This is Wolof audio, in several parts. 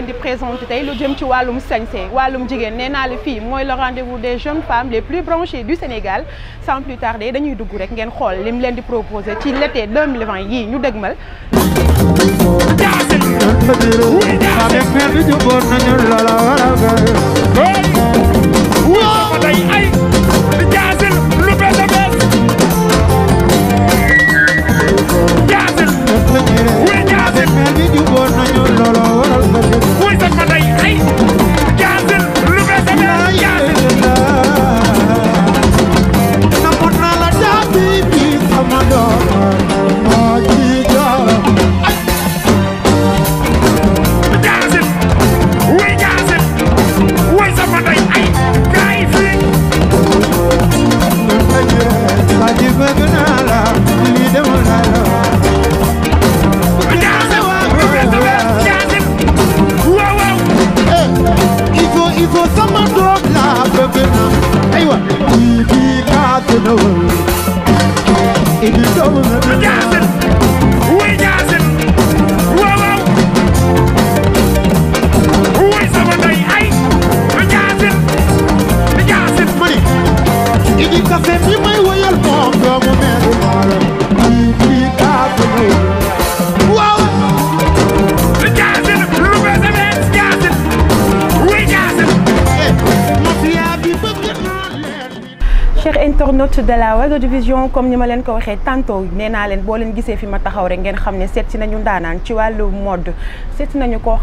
de di présenter tay lu jëm ci walum sañsé walum jigen nee la le rendez-vous des jeunes femmes les plus branchées du Sénégal sans plus tarder dañuy dugg rek ngeen xol lim leen di proposer ci l'été 2020 yi ñu dëgmal. chers internautes de la division comme ni comme tantôt néna len bo len gissé fi ma taxaw rek ngén xamné le mode nañu ko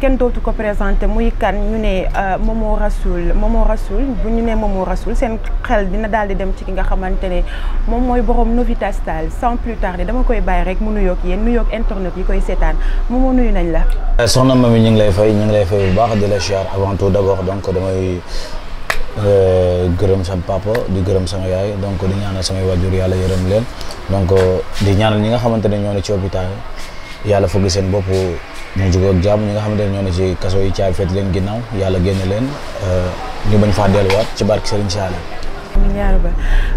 ken ko muy kan ñu euh, Momo Rasoul. Momo Rasoul, bu ñu Momo rasoul sen xel dina dem ci ki nga Novita sans plus tarder dama koy bay rek mu nuyo ak internet yi koy Momo nuyu nañ la. Euh, soxna lay fay lay la avant tout d'abord donc Euh, gërëm sama papa di gërëm sama yaay donc di ñaanal samay waajur yàlla yërëm leen donc di ñaanal ñi nga xamante ne ñoo ne ci hôpital yàlla fëgg seen bopp ñu jóg ak jàmm ñi nga xamante ne ñoo ne ci kaso yi ci caay feet leen ginnaaw yàlla génn leen euh, ñu bañ faa delluwaat ci barke Serigne Saliou milliard ba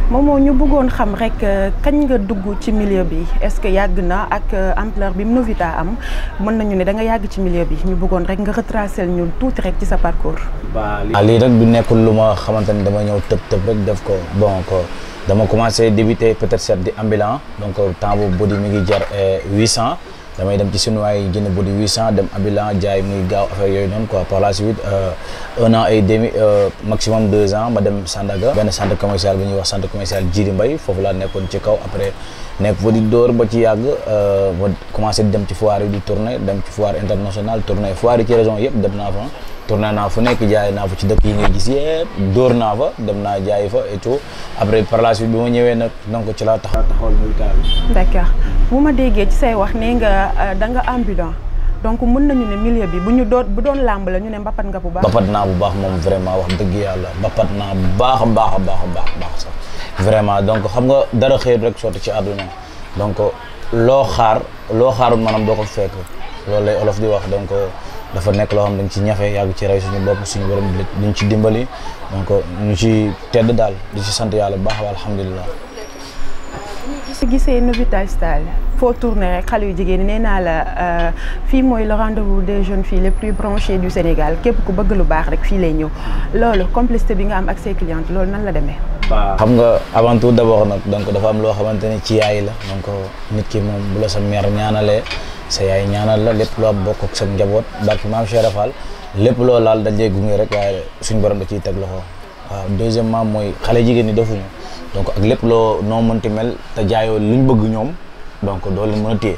moomoo ñu bëggoon xam rek euh, kañ nga dugg ci milieu bi est-ce que yàgg na ak euh, ampleur bi mu Novista am mën nañu ni da nga yàgg ci milieu bi ñu bëggoon rek nga retracer ñu tuuti rek ci sa parcours. waaw lii rek du nekkul lu ma xamante ni dama ñëw tëb tëb rek def ko bon ko dama commencé débuter peut-être chef di ambulant donc euh, temps bu body mi ngi jar 800. damay dem ci chinois yi jënd body 800 dem ambulant jaay muy gaaw affaire yooyu noonu quoi par la suite euh, un an et demi euh, maximum deux ans ma dem Sandaga benn centre commercial bi ñuy wax centre commercial Jiri Mbay foofu laa nekkoon ci kaw après nekk fa di ba ci yàgg ma euh, commencé dem ci foire yi di tournée dem ci foire internationale tournée foire yi ci région yëpp dem naa fa tourné naa fu nekk jaay naa fa ci dëkk yi ngay gis yëpp dóor naa fa dem naa jaay fa et tout après par la suite bi ma ñëwee nag donc ci laa taxaw taxawal muy taal. bu ma déggee ci say wax nee nga euh, da nga ambulant donc mën nañu ne milieu bi bu ñu doon bu doon làmb la ñu ne mbapat nga bu baax. mbapat naa bu baax moom vraiment wax dëgg yàlla mbapat naa bu baax a baax baax a baax sax vraiment donc xam nga dara xëy rek sotti ci àdduna donc loo xaar loo xaarul maanaam doo ko fekk loolu lay olof dafa nekk loo xam dañ ci ñafe yàgg ci rey suñu bopp suñu borom dañ ci dimbali donc ñu ci tedd d'al di ci sant yàlla bu baax wa alhamdulilah. su gisee Style foo tourné rek xale yu jigéen n'a la euh, fii mooy le rendez-vous des jeunes filles les plus branchées du Sénégal képp ku bëgg lu baax rek fii lay ñëw loolu complicité bi nga am ak ses clientes loolu nan la demee. waaw xam nga avant tout d'abord nag donc dafa am loo xamante ni ci yaay la donc nit ki moom bu la sa mère ñaanalee. sa yaay ñaanal la lépp loo bokk sa njaboot barki maam Cheikh Rafal lépp loo laal dañ lay gunge rek waaye suñ borom da ciy teg loxo waaw deuxièmement mooy xale jigéen ñi defuñu donc ak lépp loo noo mënti mel te jaayoo luñ bëgg ñoom donc doo leen mën a téye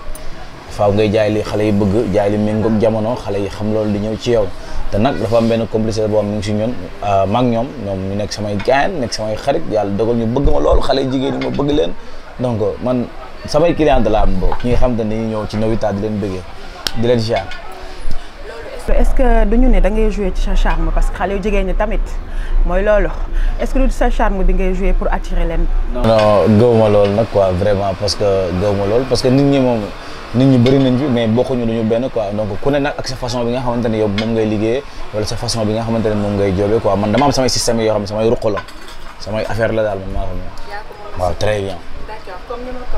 faaw ngay jaay li xale yi bëgg jaay li méngoog jamono xale yi xam loolu di ñëw ci yow te nag dafa am benn complicité boo xam ngi si ñun ah, maag ñoom ñoom ñu nekk samay gaayan nekk samay xarit yàlla dogal ñu bëgg ma loolu xale jigéen yi ma bëgg leen samay client laa am bokk ñi nga xam te ne dañuy ñëw ci Novista di leen bëggee di leen ziar. est-ce que duñu ne da ngay jouer ci sa charme parce que xale yu tamit mooy lolo. est-ce que du sa charme bi ngay jouer pour attirer len non gëwuma loolu nag quoi vraiment parce que gëwuma loolu parce que nit ñi moom nit ñi bëri nañ fi mais bokkuñu duñu benn quoi donc ku ne nag ak sa façon bi nga xamante yow moom ngay liggéeyee wala sa façon bi nga xamante ne ngay jóobee quoi man dama am système yoo xam ne samay ruq affaire la daal man ma xam ne très bien. d'accord comme ni ma ko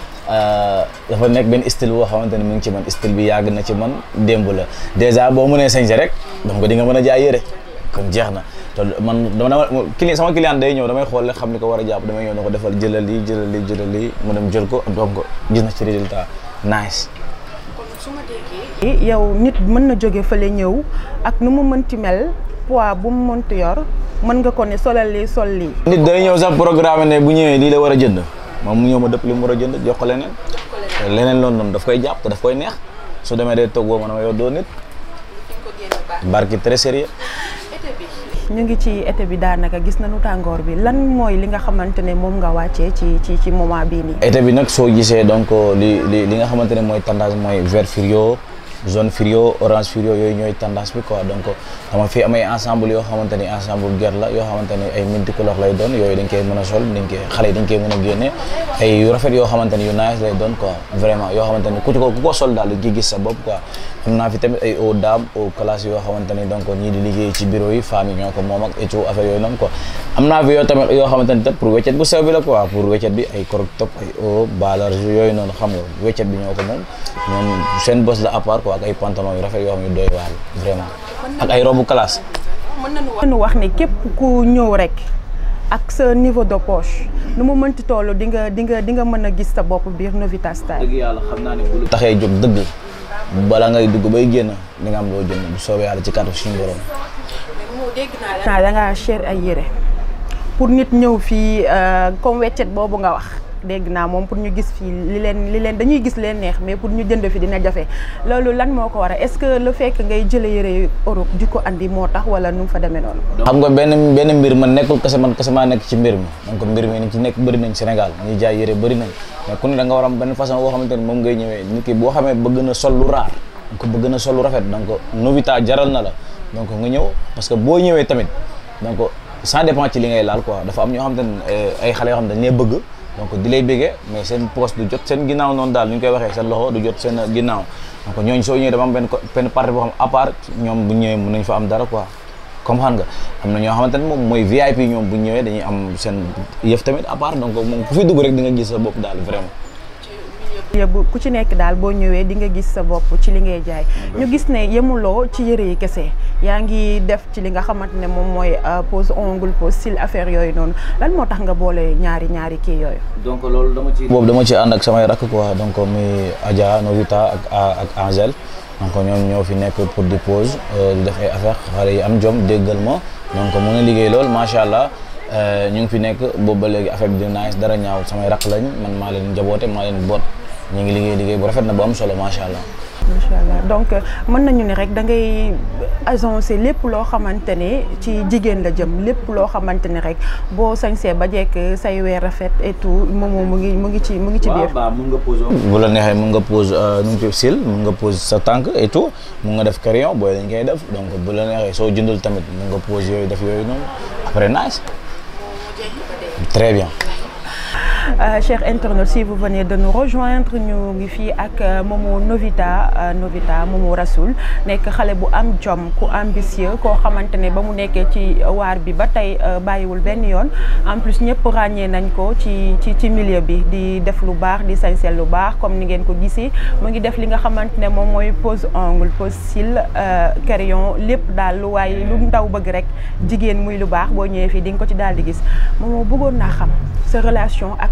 Euh, dafa nekk benn style boo xamante ne mu ngi ci man style bi yàgg na ci man démb la dèjà boo mënee sañse rek donc di nga mën a jaay yére kon jeex na te man dama client sama client day ñëw damay xool xam ni ko war a jàpp damay ñëw na ko defal jëlal lii jëlal lii jëlal lii mu dem jël ko donc gis na ci résultat nice. yow nit mën na jóge fële ñëw ak nu mu mënti mel poids bu mu mënti yor mën nga ko ne solal lii sol lii. nit day ñëw sax programme ne bu ñëwee lii la war a jënd. moom mu ñëw ma dëpp li mu war a jënd jox ko leneen leneen loon noonu daf koy jàpp te daf koy neex su demee day toog boo a ne ma yow doo nit barki très ñu ngi ci été bi daanaka gis na nañu tàngoor bi lan mooy li nga xamante ne moom nga wàccee ci ci ci moment bii nii. été bi nag soo gisee donc euh, li li li nga xamante ne mooy tendance mooy ver furieux zone frio orange frio yooyu ñooy tendance bi quoi donc dama fi am ensemble yoo xamante ensemble guerre la yoo xamante ni ay sol dañ xale yi dañ ko ku ko sol daal di gis sa bopp am naa fi tamit ay haut dame haut classe yoo xamante ni donc liggéey ci bureau yi femmes ñoo ko moom ak étio affaire pour weccet bi ay corop top ay o balar yooyu noonu xam nga weccet bi ñoo ko moom seen bos la à part ko ak ay pantalon yu rafet yoo xam ne doy waar vraiment ak ay robu classe. mën nañu wax ni képp ku ñëw rek ak sa niveau de poche nu mu mënti toll di nga di nga di nga mën gis sa bopp biir Style. dëgg yàlla xam naa bu taxee jóg dëgg bala ngay dugg bay génn di nga am loo jënd bu ci suñu borom. da cher ay pour nit euh, comme nga wax. dégg naa moom pour ñu gis fii li leen li leen dañuy gis leen neex mais pour ñu jënd fi dina jafe loolu lan moo ko war a est-ce que le fekk ngay jële yëre Europe di ko andi moo tax wala nu mu fa demee noonu. xam nga benn benn mbir man nekkul kese man kese maa nekk mbir mi donc mbir mi ni ci nekk nañ Sénégal ñuy jaay yëre bëri nañ mais ku ne da nga war façon boo xamante ne moom ngay ñëwee nit ki boo xamee bëgg na sol lu raar donc bëgg na sol lu rafet donc novita jaral na la donc nga ñëw parce que boo ñëwee tamit donc ça dépend ci li ngay laal quoi dafa am ñoo xam te ne euh, ay xale yoo dañ lay bëgg donc di lay béggee mais seen poste du jot seen ginnaaw noonu daal ni ñu koy waxee seen loxo du jot seen ginnaaw donc ñooñu soo ñëwee dama am benn benn partie boo xam à ñoom bu ñëwee mën nañ fa am dara quoi comme xam nga am na ñoo xamante ne moom mooy VIP ñoom bu ñëwee dañuy am seen yëf tamit à part moom ku fi dugg rek di nga gis sa bopp daal vraiment ku ci nekk daal boo ñëwee di nga gis sa bopp ci li ngay jaay ñu gis ne yemuloo ci yëre yi kese yaa ngi def ci li nga xamante ne moom mooy euh, pose ongle pose style affaire yooyu noonu lan moo tax nga boole ñaari ñaari kii yooyu donc loolu dama ci boobu dama ci ànd ak samay rakk quoi donc muy Adja Novita ak ak Angèle donc ñoom ñoo fi nekk pour di pose euh, di def ay affaire yi am jom déggal ma donc mun a liggéey lool macha allah euh, ñu ngi fi nekk boobu ba léegi affaire bi di dara ñaaw samay rakk lañ man maa leen jaboote maa leen boot ñu ngi liggéey liggéey bu rafet na bu am solo macha allah. macha allah donc euh, mën nañu ne rek dangay ngay lépp loo xamante ne ci jigéen la jëm lépp loo xamante ne rek boo sañsee ba jekk say weer rafet et tout moom mu ngi mu ngi ci mu ngi ci biir. waaw mun nga pose. bu la neexee mun nga pose euh, nu mu sil mun nga pose sa tànk et mun nga def carillon booy lañ koy def donc bu la neexee soo jundul tamit mun nga pose yooyu def yooyu noonu après nice. très bien. Euh, chers internautes si vous venez de nous rejoindre nous sommes ici avec Momo Novita euh, Novita Momo Rasoul bu am ambitieux ci bi euh, en plus nañ ko ci ci milieu bi di def lu baax di lu baax comme ni ngeen ko mu ngi def li nga xamantene pose ongle pose cils crayon lepp dal lu lu ndaw bëgg rek jigen muy lu baax di ci Momo relation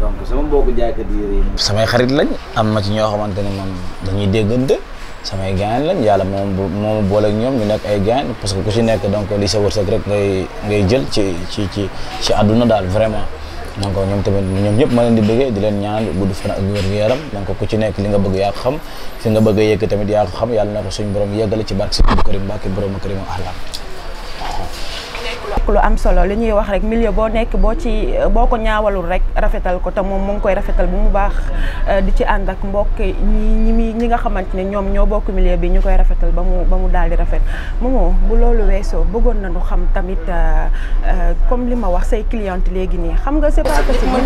donc sama mbokku jaaykat yi samay xarit lañ am ma ci ñoo xamante ne moom dañuy déggante samay gaañ lañ yàlla moom moomu booleeg ñoom ñu nekk ay gaañ parce que ku ci nekk donc li sa wërsëg rek ngay ngay jël ci ci ci ci àdduna daal vraiment donc ñoom tamit ñoom ñëpp ma leen di bëggee di leen ñaan gudd fan ak wér gu yaram donc ku ci nekk li nga bëgg yaa ko xam fi nga bëgg a yegg yaa ko xam yàlla na ko suñu borom yeggale ci barke si Karim Mbacke borom Karim ahlam lu am solo li ñuy wax rek milieu boo nekk boo ci boo ko ñaawalul rek rafetal ko te moom mu ngi koy rafetal bu mu baax eh, di ci ànd ak mbokk ñi ñi nga xamante ne ñoom ñoo bokk milieu bi ñu koy rafetal ba mu ba mu daal di rafet moomoo bu loolu weesoo bëggoon nañu xam tamit eh, eh, comme li ma wax say cliente léegi nii xam nga c'est pas que si boo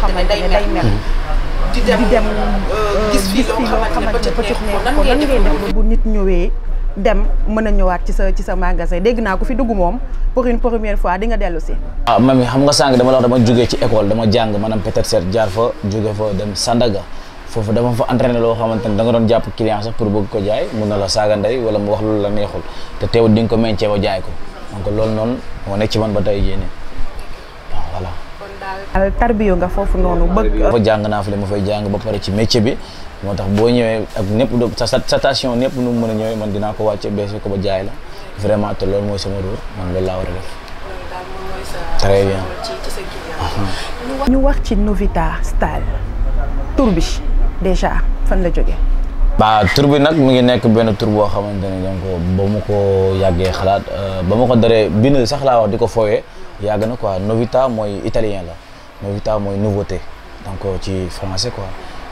xamante ne day mel di dem euh, gis fi xamante ne ci nekk ko nan ngay def bu nit ñëwee dem mën a ñëwaat ci sa ci sa magasin dégg naa ko fi dugg moom pour une première fois di nga dellu si. ah mami xam nga sànq dama la wax dama jógee ci école dama jàng maanaam a être seet jaar fa jóge fa dem Sandaga foofu dama fa entraîné loo xamante ne da doon jàpp client pour bëgg ko jaay mun na la saaga ndey wala mu wax loolu la neexul te teewul di nga ko meñcee ba jaay ko donc loolu noonu moo nekk ci man ba tey yéene voilà. tarbiyo nga foofu noonu bëgg. foofu jàng naa fi li ma fay jàng ba pare ci métier bi. moo tax boo ñëwee ak népp do sa station népp nu mu mën a ñëwee man dinaa ko wàcce beese ko ba jaay la vraiment te loolu mooy sama rôle man loolu laa war a def. très bien. ñu wax ci Novita Style tur bi déjà fan la jógee. ba tur bi nag mu ngi nekk benn tur boo xamante ne donc ba mu ko yàggee xalaat euh, ba ma ko daree bind sax laa wax di ko fooyee yàgg na quoi Novita mooy italien la Novita mooy nouveauté donc euh, ci français quoi.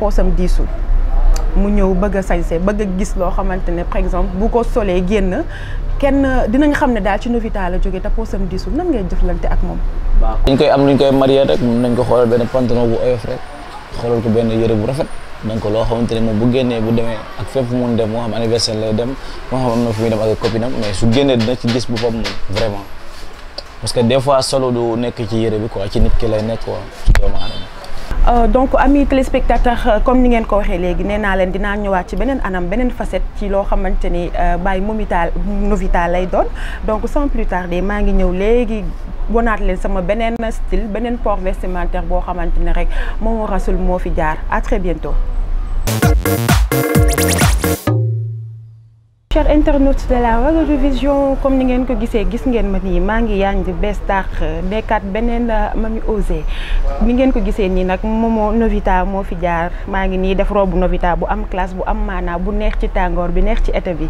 poosam diisul mu ñëw bëgg a sañse bëgg a gis loo xamante ne par exemple bu ko solee génn kenn dinañ xam ne daal ci Novista la jógee te poosam diisul nan ngay jëflante ak moom. waaw dañ koy am nuñ koy marié rek mën nañ ko xoolal benn pantalon bu oyof rek xoolal ko benn yëre bu rafet nañ ko loo xamante ne moom bu génnee bu demee ak fépp mu mun dem moo xam anniversaire lay dem moo xam am na fu muy dem ak copine am mais su génnee dina ci gis boppam moom vraiment parce fois solo du nekk ci yëre bi quoi ci nit ki lay nekk quoi ci doomu aadama Euh, donc amis téléspectateurs euh, comme ni ngeen ko waxé légui néna len dina dinaa ñëwaat ci benen anam benen facette ci lo xamante ni euh, Baye Momital novital lay doon donc sans plus tarder ma ngi ñëw légui wonaat len sama benen style benen port vestimentaire bo xamante ne rek moom rasul mo fi jaar à très bientôt chers internautes de la Wagadou Vision comme ni ngeen ko gisee gis ngeen ma nii maa ngi yaañ di bees taax nekkaat beneen ma euh, Mamy Osé ni ngeen ko gisee nii nag Momo Novita moo fi jaar maa ngi nii def robu Novita bu am classe bu am maanaa bu neex ci tàngoor bi neex ci été bi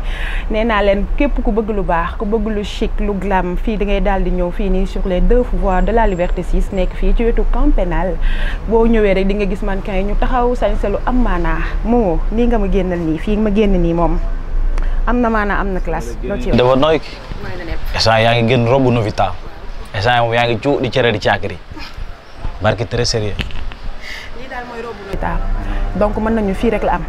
nee naa leen képp ku bëgg lu baax ku bëgg lu chic lu glam fii da ngay daal di ñëw fii nii sur les deux voies de la Liberté 6 nekk fii ci wetu camp boo ñëwee rek di nga gis mannequin yi ñu taxaw sañse lu am maanaa Momo nii nga ma génnal nii fii ma génn nii moom am na maanaa am na classe. dafa nooy ki. instant yaa ngi gën robu Novita. instant moom yaa ngi cu di cere di caakiri. barki très sérieux. donc mën nañu fii rek la am.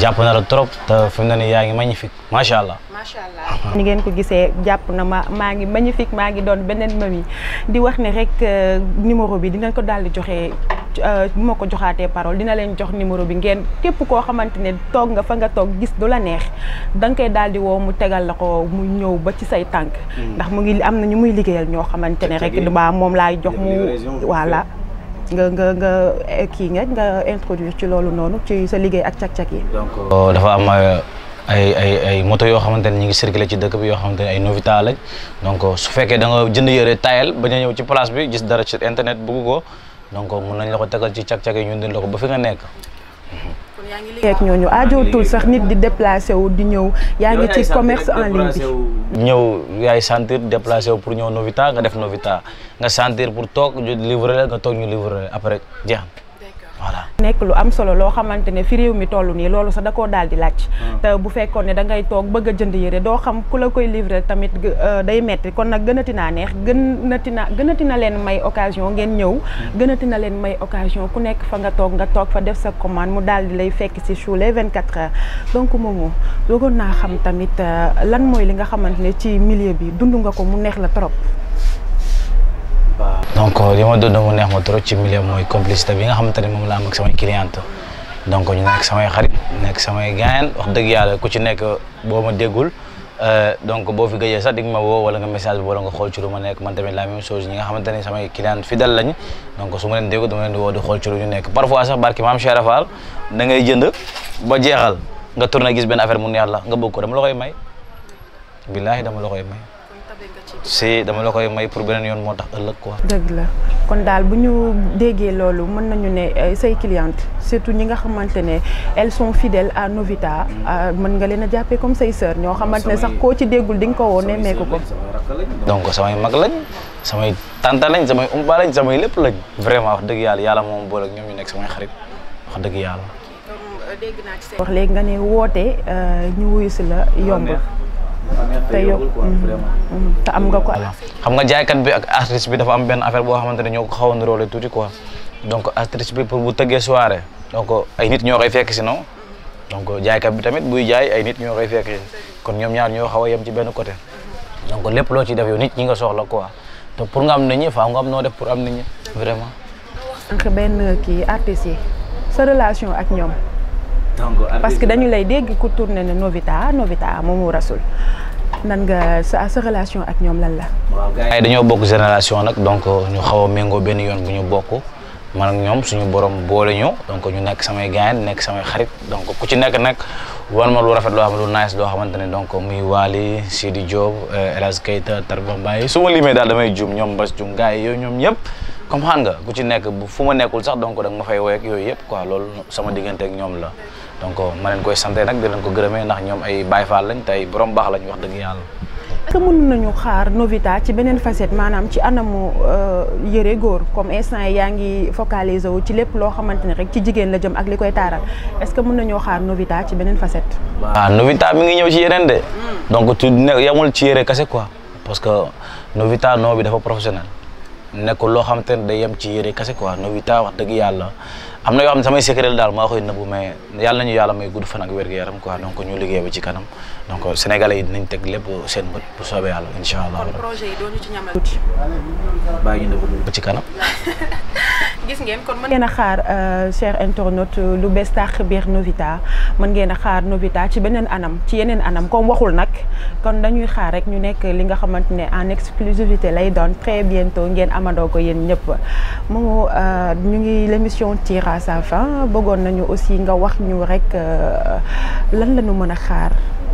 jàpp na la trop te fi ne nii yaa ngi magnifique macha allah. macha allah ni ngeen ko gisee jàpp na ma maa ngi magnifique maa ngi doon beneen mami di wax ne rek euh, numéro bi dinañ ko daal di joxe euh, bu ma ko joxaatee parole dina leen jox numéro bi ngeen képp koo xamante ne toog nga fa nga toog gis du la neex danga koy daal di woo mu tegal la ko mu ñëw ba ci say tànk. Hmm. ndax mu ngi am na ñu muy liggéeyal ñoo xamante ne rek. du baa moom laay jox mu voilà. nga nga nga eh, kii nga nga introduire ci loolu noonu ci sa liggéey ak càq-càq euh, dafa am euh, ay ay ay moto yoo xamante ne ñu ngi circulé ci dëkk bi yoo xamante ne ay Novita lañ donc euh, su fekkee da jënd yëre tayal ba a ñëw ci place bi gis dara ci internet bugg ko donc mun nañ la ko tegal ci càq-càq yi ñun dañ la ko ba fi nga nekk. ak ñooñu aajootul sax nit di déplacé wu di ñëw yaa ngi ci commerce en ligne bi ñëw yaay sentir déplacé wu pour ñëw Novita nga def Novita nga sentir pour toog ñu livré nga toog ñu livré après jeex voilà nekk lu am solo loo xamante ne fi mi toll nii loolu sax da koo daal di laaj ah. te bu fekkoon ne dangay toog bëgg a jënd yére doo xam ku la koy livrer tamit euh, day metti kon nag gën a neex gën a tina leen may occasion ngeen ñëw hmm. gën a leen may occasion ku nekk fa nga toog nga toog fa def sa commande mu daal di lay fekk si Chou vingt 24 heures donc moomu bëggoon naa xam tamit euh, lan mooy li nga xamante ne ci millier bi dund nga ko mu neex la trop donc euh, li ma doon mu neex ma trop ci milieu mooy complicité bi nga xamante ne moom la am ak samay cliente donc ñu nekk samay xarit nekk samay gaayaan wax dëgg yàlla ku ci nekk boo ma déggul euh, donc boo fi gëjee sax di nga ma wala nga message bi wala nga xool ci lu ma nekk man tamit la même chose ñi nga xamante ne samay cliente fidèle lañ donc su ma leen déggu dama leen di woo di xool ci lu ñu nekk parfois sax barki maam Cheikh Rafal da ngay jënd ba jeexal nga tourné gis benn affaire mu neex la nga bëgg ko dama lo koy may billaahi dama la koy may si dama la koy may pour beneen yoon moo tax ëllëg quoi. dëgg la kon daal bu ñu déggee loolu mën nañu ne euh, say clientes surtout ñi nga xamante ne elles sont fidèles à Novita. Euh, mën nga leen a jàppee comme say sœur ñoo xamante ne sax koo ci déggul di nga ko woo nemmeeku ko. donc samay mag lañ samay tante lañ samay umba lañ samay lépp lañ. vraiment wax dëgg yàlla yàlla moom boole ak ñoom ñu nekk samay xarit wax dëgg yàlla. wax léegi nga ne woote euh, ñu wuyu si la yomb. te yow mm-hmm. am nga ko. xam nga jaaykat bi ak artiste bi dafa am benn affaire boo xamante ne ñoo ko xaw a niróole tuuti quoi donc artiste bi pour bu tëggee soirée donc ay nit ñoo koy fekk si non donc jaaykat bi tamit buy jaay ay nit ñoo koy fekk kon ñoom ñaar ñoo xaw a yem ci benn côté donc lépp loo ciy def yow nit ñi nga soxla quoi te pour nga am na ñi faaw nga am noo def pour am na ñi vraiment. donc benn kii artistes yi sa relation ak ñoom. parce que dañu lay dégg ku tourné ne Novita Novita moomu rasul nan nga sa sa relation ak ñoom lan la. waaw dañoo bokk génération nag donc euh, ñu xaw a méngoo benn yoon bu ñu bokk man ak ñoom suñu borom boole ñu donc ñu nekk samay gaañ nekk samay xarit donc ku ci nekk nag wan ma lu rafet loo xam lu nice loo xamante ne donc muy Waly Sidi Diop euh, El Hadj Keita Tarba Mbaye su ma limee daal damay jum ñoom Mbass jum gars yooyu ñoom ñëpp. comme xam nga ku ci nekk bu fu ma nekkul sax donc da ma fay woy yooyu yëpp quoi loolu sama diggante ak ñoom la. donc ma leen koy santé nag di leen ko gërëmee ndax ñoom ay Baay Faal lañ tey borom baax lañ wax dëgg yàlla. est-ce que mën nañu xaar Novita ci beneen facette maanaam ci anamu euh, yëre góor comme instant yi yaa ngi focaliser wu ci lépp loo xamante ne rek ci jigéen la jëm ak li koy taaral est-ce que mën nañoo xaar Novita ci beneen facette. waaw mi ngi ñëw ci yeneen de. Hmm. donc tu ne yamul ci yëre kese quoi parce que Novita noo bi dafa professionnel nekkul loo xamante ne day yem ci yëre kese quoi Novita wax dëgg yàlla. am na yoo xam ne samay secret daal maa koy nëbbu mais yàlla nañu yàlla may gudd fan ak wér yaram quoi ñu liggéey ba ci kanam donc sénégalais yi dinañ teg lépp seen bët bu soobee yàlla incha allah. kon projet yi ñu ci ñamal. bàyyi ba ci kanam. gis ngeen kon mën ngeen a xaar euh, cher internaute euh, lu bees tàq biir Novita mën ngeen a xaar Novita ci beneen anam ci yeneen anam comme waxul nag kon dañuy xaar rek ñu nekk li nga xamante ne en exclusivité lay doon très bientôt ngeen amandoo ko yéen ñëpp moomu euh, ñu ngi l'émission tire à sa bëggoon nañu aussi nga wax ñu rek lan la ñu mën a xaar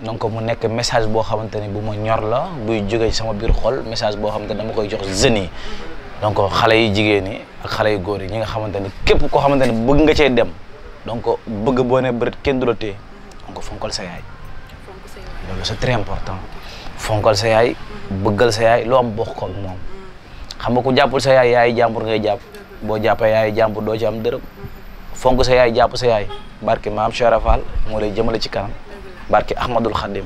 donc mu nek message bo xamanteni ni bu ma ñor la buy joge ci sama bir xol message bo xamanteni dama koy jox zeni donc xalé yi jigéen ñi ak xalé yi goor yi ñinga xamanteni kep ko xamanteni bëgg nga cey dem donc bëgg boo ne bëreet kenn du la donc fonkol sa yaay loolu c'est très important fonkol sa yaay bëggal sa yaay lo am bokk ko ak xam nga ku jappul sa yaay yaay jambur ngay japp bo yaay jambur do ci am fonk sa yaay japp sa yaay barke maam Cheikh Rafal lay jëmele ci kanam barke Ahmadul Xadim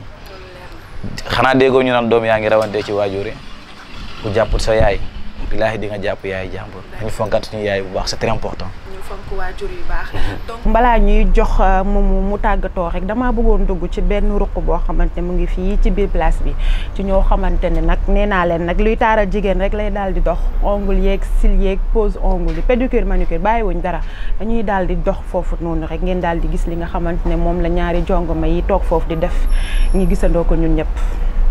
xanaa déggoo ñu naan doom yaa ngi rawante ci waajuri ku jàpput so yaay bilaahi di nga jàpp yaay jàmbur ñu fonkat suñu yaay bu baax c'est très important mhm. balaa ñuy jox euh, moom mu tàggatoo rek damaa bëggoon dugg ci benn ruq boo xamante mu ngi fii ci biir place bi ci ñoo xamante ne nag nee naa leen nag luy taaral jigéen rek lay daal di dox ongle yeeg cils yeeg pose ongle yi pédicure manucure bàyyiwuñ dara dañuy daal di dox foofu noonu rek ngeen daal di gis li nga xamante ne moom la ñaari jongoma yi toog foofu di def ñu gisandoo ko ñun ñëpp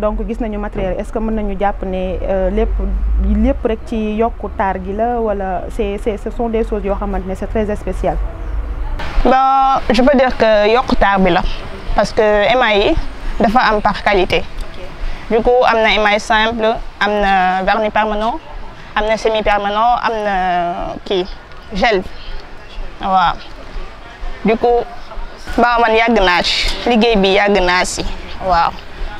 donc gis nañu matériel est-ce que mën nañu jàpp ne euh, lépp lépp rek ci yokku tar gi la wala c'est c'est ce sont des choses yo xamantene c'est très spécial. bon je peux dire que yokku tar bi la parce que émail dafa am par qualité du coup amna na émail simple amna vernis permanent amna semi permanent amna qui gel waaw du coup ba man yàgg naa ci liggéey bi yàgg naa si waaw.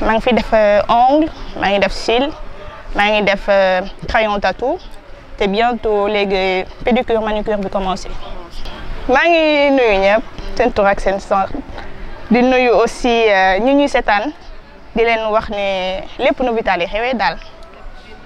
maa ngi fi def euh, ongle maa ngi def cils maa ngi def euh, crayon tatou te bientôt léegi pédicure manucure bi commencé. maa ngi nuyu ñëpp seen ak seen sant di nuyu aussi euh, ñu ñuy seetaan di leen wax ne lépp nu vitale xewee daal.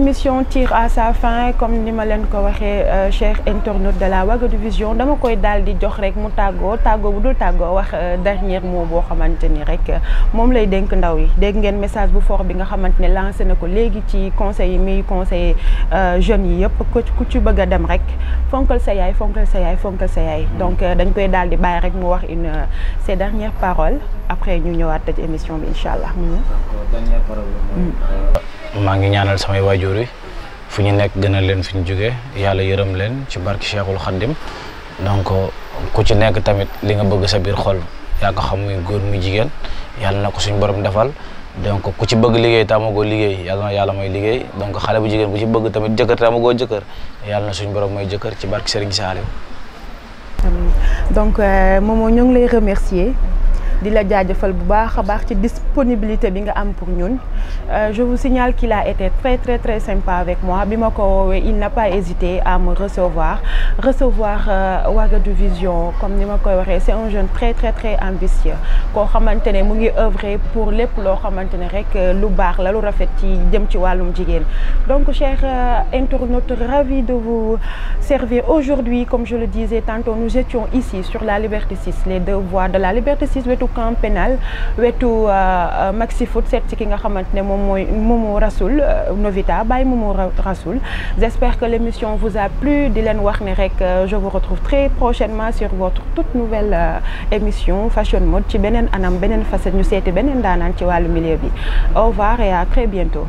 émission tire à sa fin comme ni ma l'ai ko euh, cher internaute de la Wagodivision, Vision dama koy jox rek mu tago tago bu dul wax euh, dernier mot vous xamanteni rek euh, lay message bu fort bi nga xamanteni lancé ci conseil yi dem rek sa sa donc dañ koy di rek mu une ses dernières paroles après ñu ñëwaat émission bi Inshallah. dernière parole mm. maa ngi ñaanal samay wajuri fu ñu nek gënal leen fi ñu jógee yàlla yërëm leen ci barki Cheikhul Khadim donc ku ci nek tamit li nga bëgg sa biir xol ya ko xam muy goor muy jigen yalla nako suñu borom defal donc ku ci bëgg liggéey te amagoo liggéey yalla na yalla moy liggéey donc xalé bu jigen bu ci bëgg tamit jëkkër te amagoo jëkkër na suñu borom moy jëkkër ci barki Serigne Saliou donc euh, Momo ñu ngi lay remercier di la bu bar, a disponibilité am pour nous. Euh, je vous signale qu'il a été très très très sympa avec moi il n'a pas hésité à me recevoir recevoir euh, Waga Vision comme je koy c'est un jeune très très très ambitieux Il a ne mu œuvrer pour l'éploi, il a rek euh, lu baax la lu rafet ci jëm ci donc chers internautes ravi de vous servir aujourd'hui comme je le disais tantôt nous étions ici sur la Liberté 6 les deux voies de la Liberté 6 camp pénal wetu euh, euh, Maxi Foot seet ci ki nga xamantene mom moy Momo Rasoul euh, Novita bay Momo Rasoul j'espère que l'émission vous a plu di leen wax ni rek je vous retrouve très prochainement sur votre toute nouvelle émission Fashion Mode ci benen anam benen facette ñu seeti benen daanaan ci walu milieu bi au revoir et à très bientôt